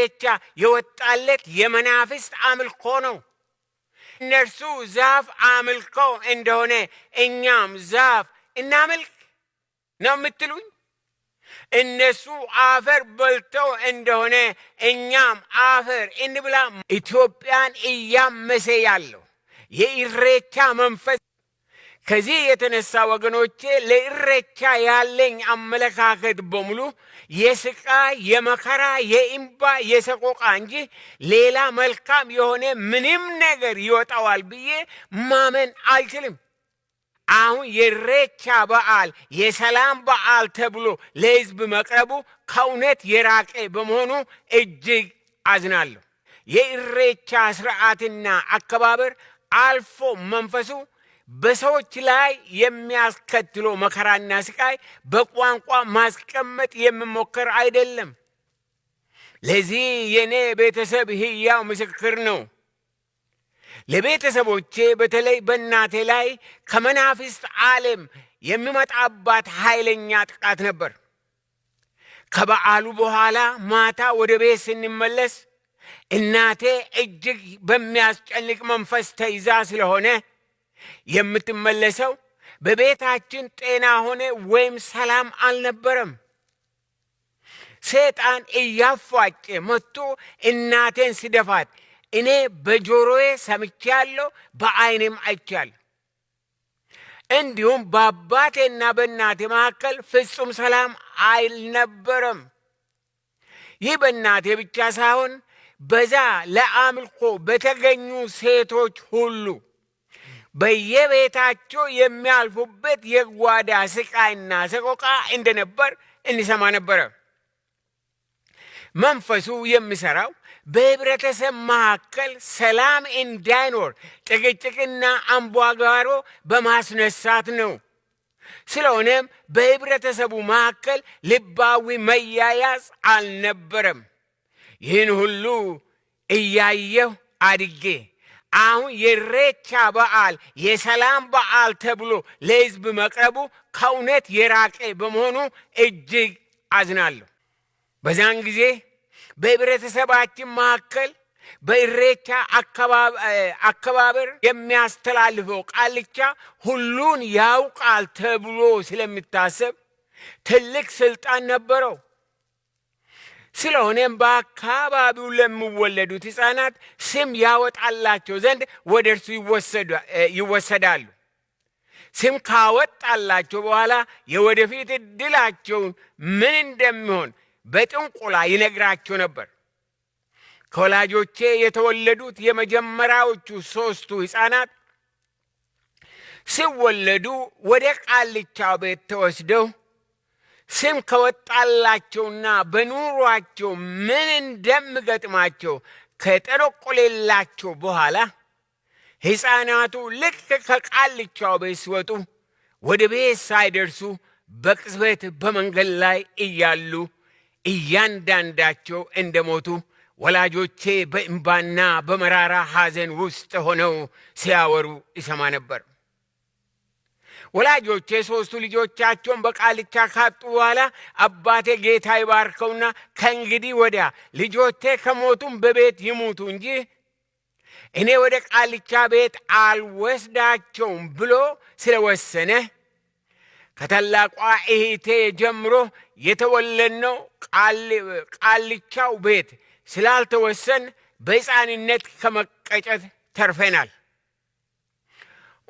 ኢሬቻ የወጣለት የመናፍስት አምልኮ ነው። እነርሱ ዛፍ አምልከው እንደሆነ እኛም ዛፍ እናምልክ ነው የምትሉኝ? እነሱ አፈር በልተው እንደሆነ እኛም አፈር እንብላ። ኢትዮጵያን እያመሰ ያለው የኢሬቻ መንፈስ ከዚህ የተነሳ ወገኖቼ ለእረቻ ያለኝ አመለካከት በሙሉ የስቃይ፣ የመከራ፣ የኢምባ የሰቆቃ እንጂ ሌላ መልካም የሆነ ምንም ነገር ይወጣዋል ብዬ ማመን አልችልም። አሁን የረቻ በዓል የሰላም በዓል ተብሎ ለሕዝብ መቅረቡ ከእውነት የራቀ በመሆኑ እጅግ አዝናለሁ። የእሬቻ ስርዓትና አከባበር አልፎ መንፈሱ በሰዎች ላይ የሚያስከትሎ መከራና ስቃይ በቋንቋ ማስቀመጥ የሚሞከር አይደለም። ለዚህ የኔ ቤተሰብ ሕያው ምስክር ነው። ለቤተሰቦቼ በተለይ በእናቴ ላይ ከመናፍስት ዓለም የሚመጣባት ኃይለኛ ጥቃት ነበር። ከበዓሉ በኋላ ማታ ወደ ቤት ስንመለስ እናቴ እጅግ በሚያስጨንቅ መንፈስ ተይዛ ስለሆነ የምትመለሰው በቤታችን ጤና ሆነ ወይም ሰላም አልነበረም። ሰይጣን እያፏጨ መጥቶ እናቴን ሲደፋት እኔ በጆሮዬ ሰምቻለሁ፣ በዓይኔም አይቻል። እንዲሁም በአባቴና በእናቴ መካከል ፍጹም ሰላም አልነበረም። ይህ በእናቴ ብቻ ሳይሆን በዛ ለአምልኮ በተገኙ ሴቶች ሁሉ በየቤታቸው የሚያልፉበት የጓዳ ስቃይና ሰቆቃ እንደነበር እንሰማ ነበረ። መንፈሱ የሚሰራው በህብረተሰብ መካከል ሰላም እንዳይኖር ጭቅጭቅና አምቧጋሮ በማስነሳት ነው። ስለሆነም በህብረተሰቡ መካከል ልባዊ መያያዝ አልነበረም። ይህን ሁሉ እያየሁ አድጌ አሁን የሬቻ በዓል የሰላም በዓል ተብሎ ለህዝብ መቅረቡ ከእውነት የራቀ በመሆኑ እጅግ አዝናለሁ። በዛን ጊዜ በህብረተሰባችን መካከል በኢሬቻ አከባበር የሚያስተላልፈው ቃልቻ ሁሉን ያውቃል ተብሎ ስለሚታሰብ ትልቅ ስልጣን ነበረው። ስለሆነም በአካባቢው ለሚወለዱት ህፃናት ። ስም ያወጣላቸው ዘንድ ወደ እርሱ ይወሰዳሉ። ስም ካወጣላቸው በኋላ የወደፊት እድላቸውን ምን እንደሚሆን በጥንቁላ ይነግራቸው ነበር። ከወላጆቼ የተወለዱት የመጀመሪያዎቹ ሦስቱ ሕፃናት ሲወለዱ ወደ ቃልቻ ቤት ተወስደው ስም ከወጣላቸውና በኑሯቸው ምን እንደሚገጥማቸው ከጠረቆሌላቸው በኋላ ሕፃናቱ ልክ ከቃልቻው ቤት ሲወጡ ወደ ቤት ሳይደርሱ በቅጽበት በመንገድ ላይ እያሉ እያንዳንዳቸው እንደሞቱ ወላጆቼ በእምባና በመራራ ሐዘን ውስጥ ሆነው ሲያወሩ ይሰማ ነበር። ወላጆች ሶስቱ ልጆቻቸውን በቃልቻ ካጡ በኋላ አባቴ ጌታ ይባርከውና ከእንግዲህ ወዲያ ልጆቼ ከሞቱም በቤት ይሙቱ እንጂ እኔ ወደ ቃልቻ ቤት አልወስዳቸውም ብሎ ስለወሰነ ከታላቋ እህቴ ጀምሮ የተወለድነው ቃልቻው ቤት ስላልተወሰን በሕፃንነት ከመቀጨት ተርፈናል።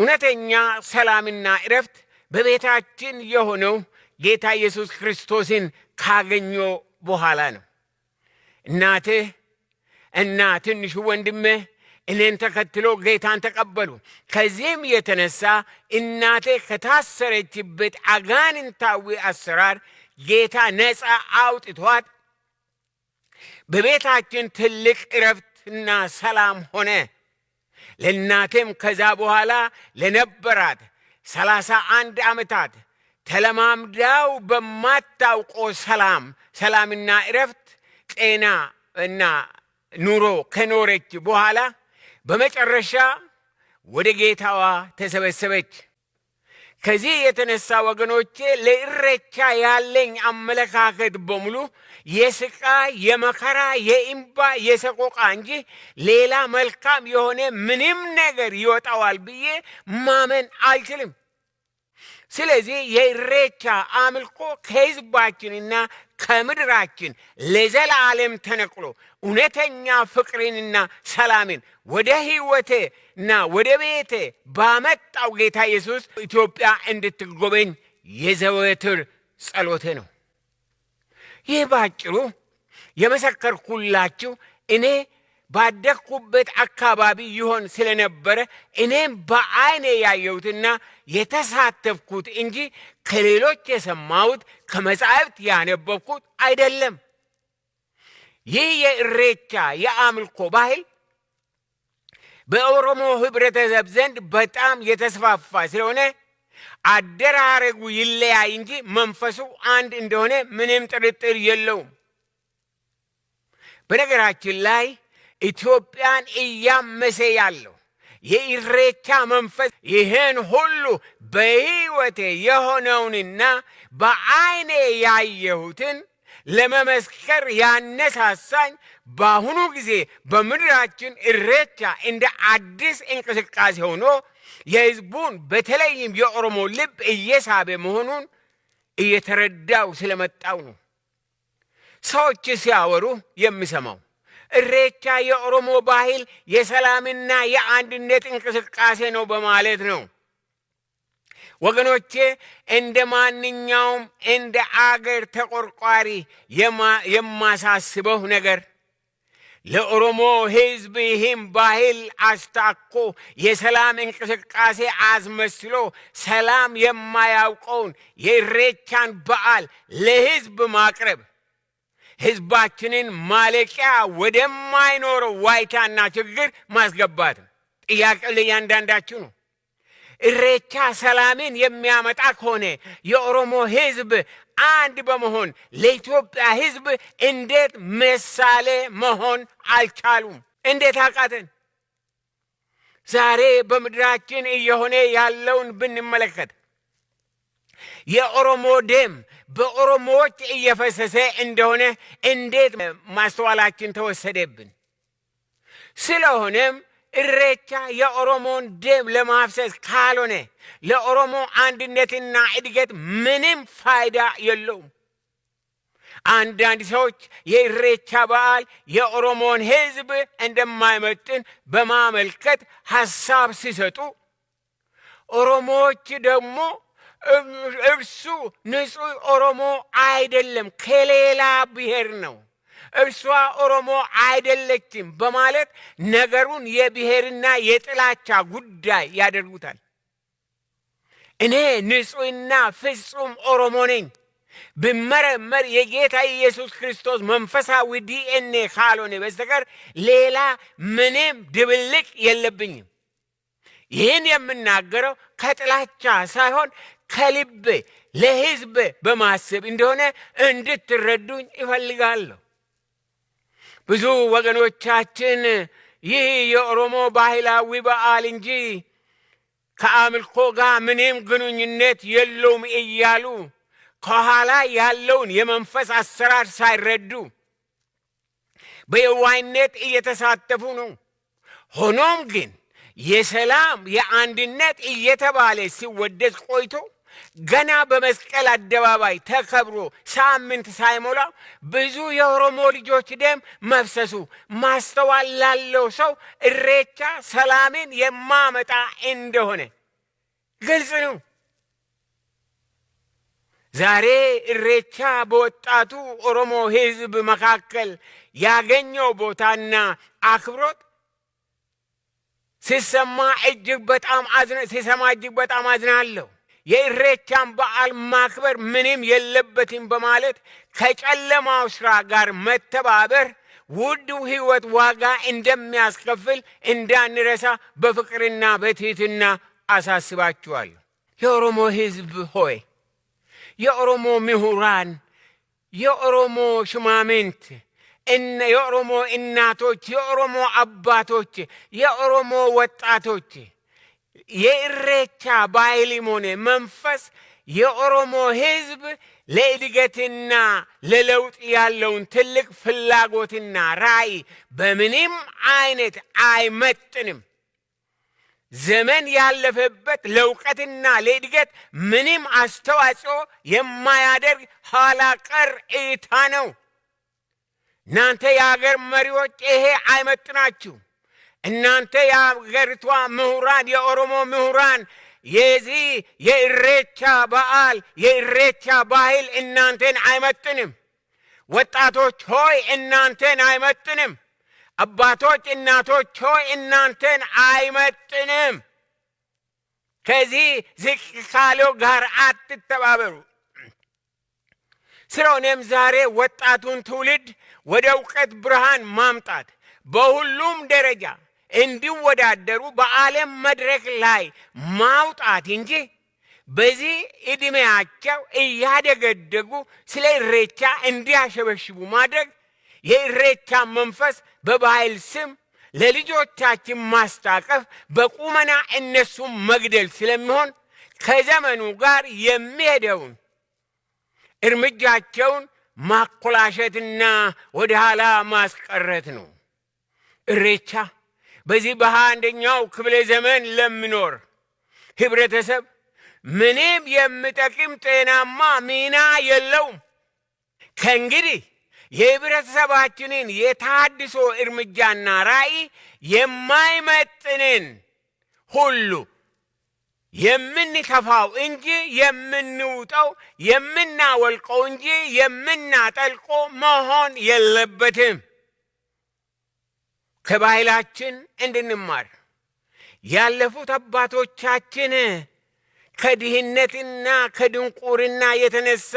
እውነተኛ ሰላምና እረፍት በቤታችን የሆነው ጌታ ኢየሱስ ክርስቶስን ካገኘ በኋላ ነው። እናትህ እና ትንሹ ወንድምህ እኔን ተከትሎ ጌታን ተቀበሉ። ከዚህም የተነሳ እናቴ ከታሰረችበት አጋንንታዊ አሰራር ጌታ ነፃ አውጥቷት በቤታችን ትልቅ እረፍትና ሰላም ሆነ። ለእናቴም ከዛ በኋላ ለነበራት ሰላሳ አንድ ዓመታት ተለማምዳው በማታውቆ ሰላም ሰላምና እረፍት ጤና እና ኑሮ ከኖረች በኋላ በመጨረሻ ወደ ጌታዋ ተሰበሰበች። ከዚህ የተነሳ ወገኖቼ ለእረቻ ያለኝ አመለካከት በሙሉ የስቃይ፣ የመከራ፣ የእምባ፣ የሰቆቃ እንጂ ሌላ መልካም የሆነ ምንም ነገር ይወጣዋል ብዬ ማመን አልችልም። ስለዚህ የኢሬቻ አምልኮ ከህዝባችንና ከምድራችን ለዘላለም ተነቅሎ እውነተኛ ፍቅርንና ሰላምን ወደ እና ወደ ቤቴ ባመጣው ጌታ ኢየሱስ ኢትዮጵያ እንድትጎበኝ የዘወትር ጸሎቴ ነው። ይህ ባጭሩ የመሰከርኩላችሁ እኔ ባደግኩበት አካባቢ ይሆን ስለነበረ እኔም በአይኔ ያየሁትና የተሳተፍኩት እንጂ ከሌሎች የሰማሁት ከመጻሕፍት ያነበብኩት አይደለም። ይህ የእሬቻ የአምልኮ ባህል በኦሮሞ ህብረተሰብ ዘንድ በጣም የተስፋፋ ስለሆነ አደራረጉ ይለያይ እንጂ መንፈሱ አንድ እንደሆነ ምንም ጥርጥር የለውም። በነገራችን ላይ ኢትዮጵያን እያመሰ ያለው የኢሬቻ መንፈስ ይህን ሁሉ በሕይወቴ የሆነውንና በዐይኔ ያየሁትን ለመመስከር ያነሳሳኝ በአሁኑ ጊዜ በምድራችን እሬቻ እንደ አዲስ እንቅስቃሴ ሆኖ የሕዝቡን በተለይም የኦሮሞ ልብ እየሳበ መሆኑን እየተረዳው ስለመጣው ነው። ሰዎች ሲያወሩ የምሰማው እሬቻ የኦሮሞ ባህል የሰላምና የአንድነት እንቅስቃሴ ነው በማለት ነው። ወገኖቼ እንደ ማንኛውም እንደ አገር ተቆርቋሪ የማሳስበው ነገር ለኦሮሞ ሕዝብ ይህም ባህል አስታኮ የሰላም እንቅስቃሴ አስመስሎ ሰላም የማያውቀውን የኢሬቻን በዓል ለሕዝብ ማቅረብ ህዝባችንን ማለቂያ ወደማይኖረው ዋይታና ችግር ማስገባት ነው። ጥያቄ ለእያንዳንዳችሁ ነው። እሬቻ ሰላምን የሚያመጣ ከሆነ የኦሮሞ ህዝብ አንድ በመሆን ለኢትዮጵያ ህዝብ እንዴት ምሳሌ መሆን አልቻሉም? እንዴት አቃተን? ዛሬ በምድራችን እየሆነ ያለውን ብንመለከት የኦሮሞ ደም በኦሮሞዎች እየፈሰሰ እንደሆነ እንዴት ማስተዋላችን ተወሰደብን? ስለሆነም እሬቻ የኦሮሞን ደም ለማፍሰስ ካልሆነ ለኦሮሞ አንድነትና እድገት ምንም ፋይዳ የለውም። አንዳንድ ሰዎች የእሬቻ በዓል የኦሮሞን ሕዝብ እንደማይመጥን በማመልከት ሀሳብ ሲሰጡ፣ ኦሮሞዎች ደግሞ እርሱ ንጹህ ኦሮሞ አይደለም፣ ከሌላ ብሔር ነው፣ እርሷ ኦሮሞ አይደለችም በማለት ነገሩን የብሔርና የጥላቻ ጉዳይ ያደርጉታል። እኔ ንጹህና ፍጹም ኦሮሞ ነኝ ብመረመር የጌታ ኢየሱስ ክርስቶስ መንፈሳዊ ዲኤንኤ ካልሆነ በስተቀር ሌላ ምንም ድብልቅ የለብኝም። ይህን የምናገረው ከጥላቻ ሳይሆን ከልብ ለህዝብ በማሰብ እንደሆነ እንድትረዱኝ ይፈልጋለሁ። ብዙ ወገኖቻችን ይህ የኦሮሞ ባህላዊ በዓል እንጂ ከአምልኮ ጋር ምንም ግንኙነት የለውም እያሉ ከኋላ ያለውን የመንፈስ አሰራር ሳይረዱ በየዋይነት እየተሳተፉ ነው። ሆኖም ግን የሰላም የአንድነት እየተባለ ሲወደስ ቆይቶ ገና በመስቀል አደባባይ ተከብሮ ሳምንት ሳይሞላው ብዙ የኦሮሞ ልጆች ደም መፍሰሱ ማስተዋል ላለው ሰው እሬቻ ሰላምን የማመጣ እንደሆነ ግልጽ ነው። ዛሬ እሬቻ በወጣቱ ኦሮሞ ሕዝብ መካከል ያገኘው ቦታና አክብሮት ሲሰማ እጅግ በጣም አዝናለሁ። የኢሬቻን በዓል ማክበር ምንም የለበትም በማለት ከጨለማው ስራ ጋር መተባበር ውድ ህይወት ዋጋ እንደሚያስከፍል እንዳንረሳ በፍቅርና በትህትና አሳስባችኋለሁ። የኦሮሞ ህዝብ ሆይ፣ የኦሮሞ ምሁራን፣ የኦሮሞ ሽማምንት፣ የኦሮሞ እናቶች፣ የኦሮሞ አባቶች፣ የኦሮሞ ወጣቶች የእሬቻ ሆነ መንፈስ የኦሮሞ ሕዝብ ለእድገትና ለለውጥ ያለውን ትልቅ ፍላጎትና ራእይ በምንም አይነት አይመጥንም። ዘመን ያለፈበት ለእውቀትና ለእድገት ምንም አስተዋጽኦ የማያደርግ ኋላ ቀር እይታ ነው። እናንተ የአገር መሪዎች ይሄ አይመጥናችሁ። እናንተ የአገሪቷ ምሁራን፣ የኦሮሞ ምሁራን የዚህ የእሬቻ በዓል የእሬቻ ባህል እናንተን አይመጥንም። ወጣቶች ሆይ እናንተን አይመጥንም። አባቶች፣ እናቶች ሆይ እናንተን አይመጥንም። ከዚህ ዝቅ ካለው ጋር አትተባበሩ። ስለሆነም ዛሬ ወጣቱን ትውልድ ወደ እውቀት ብርሃን ማምጣት በሁሉም ደረጃ እንዲወዳደሩ በዓለም መድረክ ላይ ማውጣት እንጂ በዚህ ዕድሜያቸው እያደገደጉ ስለ እሬቻ እንዲያሸበሽቡ ማድረግ የእሬቻ መንፈስ በባህል ስም ለልጆቻችን ማስታቀፍ በቁመና እነሱን መግደል ስለሚሆን ከዘመኑ ጋር የሚሄደውን እርምጃቸውን ማኮላሸትና ወደ ኋላ ማስቀረት ነው። እሬቻ በዚህ በሃያ አንደኛው ክፍለ ዘመን ለምኖር ህብረተሰብ ምንም የምጠቅም ጤናማ ሚና የለውም። ከእንግዲህ የህብረተሰባችንን የታድሶ እርምጃና ራዕይ የማይመጥንን ሁሉ የምንተፋው እንጂ የምንውጠው የምናወልቀው እንጂ የምናጠልቆ መሆን የለበትም። ከባህላችን እንድንማር ያለፉት አባቶቻችን ከድህነትና ከድንቁርና የተነሳ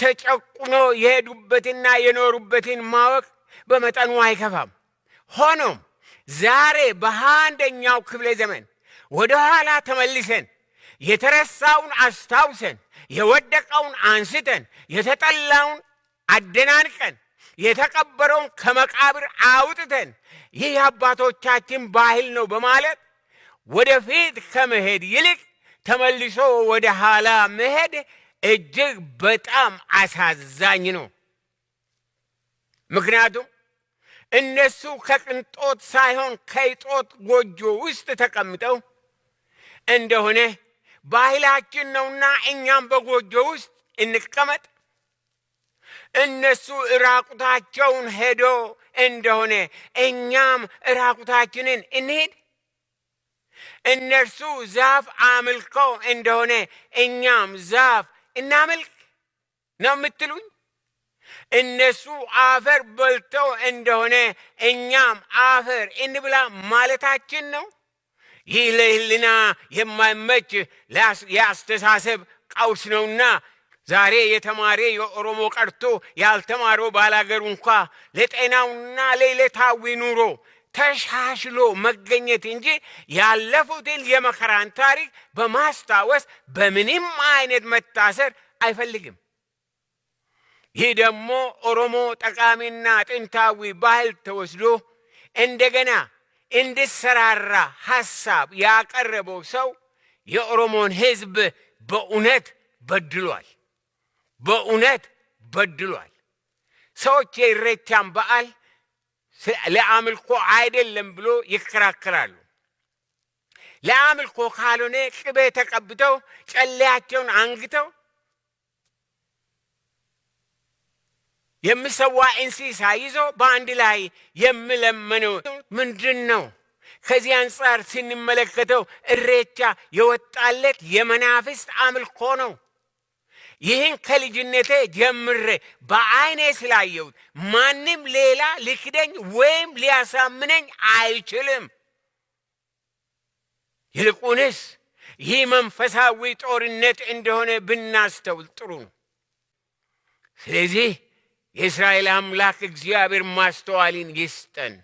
ተጨቁኖ የሄዱበትና የኖሩበትን ማወቅ በመጠኑ አይከፋም። ሆኖም ዛሬ በአንደኛው ክፍለ ዘመን ወደ ኋላ ተመልሰን የተረሳውን አስታውሰን የወደቀውን አንስተን የተጠላውን አደናንቀን የተቀበረውን ከመቃብር አውጥተን ይህ የአባቶቻችን ባህል ነው በማለት ወደፊት ከመሄድ ይልቅ ተመልሶ ወደ ኋላ መሄድ እጅግ በጣም አሳዛኝ ነው። ምክንያቱም እነሱ ከቅንጦት ሳይሆን ከይጦት ጎጆ ውስጥ ተቀምጠው እንደሆነ ባህላችን ነውና እኛም በጎጆ ውስጥ እንቀመጥ እነሱ እራቁታቸውን ሄዶ እንደሆነ እኛም እራቁታችንን እንሄድ። እነርሱ ዛፍ አምልኮ እንደሆነ እኛም ዛፍ እናምልክ ነው የምትሉኝ? እነሱ አፈር በልተው እንደሆነ እኛም አፈር እንብላ ማለታችን ነው? ይህ ለህልና የማይመች የአስተሳሰብ ቀውስ ነውና ዛሬ የተማረ የኦሮሞ ቀርቶ ያልተማረው ባላገሩ እንኳ ለጤናውና ለዕለታዊ ኑሮ ተሻሽሎ መገኘት እንጂ ያለፉትን የመከራን ታሪክ በማስታወስ በምንም አይነት መታሰር አይፈልግም። ይህ ደግሞ ኦሮሞ ጠቃሚና ጥንታዊ ባህል ተወስዶ እንደገና እንድሰራራ ሀሳብ ያቀረበው ሰው የኦሮሞን ሕዝብ በእውነት በድሏል። በእውነት በድሏል። ሰዎች የኢሬቻን በዓል ለአምልኮ አይደለም ብሎ ይከራከራሉ። ለአምልኮ ካልሆነ ቅቤ ተቀብተው ጨለያቸውን አንግተው የሚሰዋ እንስሳ ይዞ በአንድ ላይ የምለመነው ምንድን ነው? ከዚህ አንጻር ስንመለከተው እሬቻ የወጣለት የመናፍስት አምልኮ ነው። ይህን ከልጅነቴ ጀምሬ በአይኔ ስላየሁት ማንም ሌላ ሊክደኝ ወይም ሊያሳምነኝ አይችልም። ይልቁንስ ይህ መንፈሳዊ ጦርነት እንደሆነ ብናስተውል ጥሩ ነው። ስለዚህ የእስራኤል አምላክ እግዚአብሔር ማስተዋልን ይስጠን።